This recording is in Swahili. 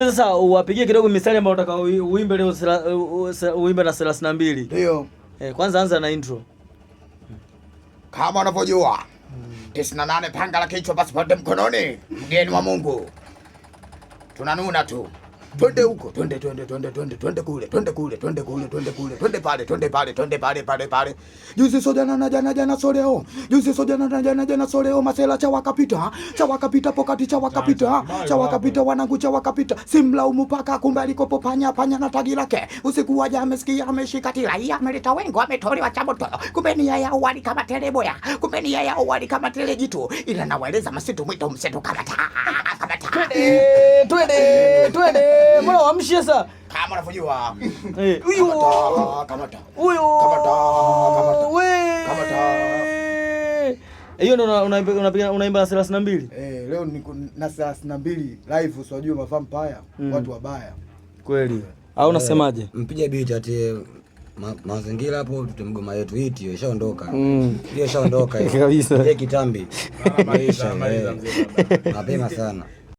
Sasa uwapigie kidogo mistari ambayo utaka uimbe leo, uimbe na thelathini na mbili. Ndio. Eh, kwanza anza na intro. Kama unavyojua tisini na nane panga la kichwa, basi pasipoti mkononi, mgeni wa Mungu tunanuna tu twende huko, twende twende twende twende twende kule, twende kule, twende kule, twende kule, twende pale, twende pale, twende pale pale pale. Juzi so jana na jana jana so leo, juzi so jana na jana jana so leo, masela cha wakapita, cha wakapita pokati, cha wakapita, cha wakapita wanangu, cha wakapita, simlaumu paka, kumbe alikopo panya panya na tagi lake. Usiku waje amesikia, ameshika tiraia, ameleta wengo, ametolewa cha moto, kumbe ni yaya uwali kama teleboya, kumbe ni yaya uwali kama telejitu, ila nawaeleza masitu mwito mseto kama taa kama taa matamshi sasa. Kama unavyojua. Eh. kamata. Huyo kamata. Kamata. We. Kamata. Eh, hiyo ndo unaimba unaimba 32. Eh, leo niko na 32 live usijue mavampire, mm. Watu wabaya. Kweli. Au unasemaje? Eh, mpige beat ati eh, ma, mazingira hapo tutemgoma yetu hii hiyo ishaondoka. Mm. Hiyo ishaondoka kabisa. Ile kitambi. Mapema sana.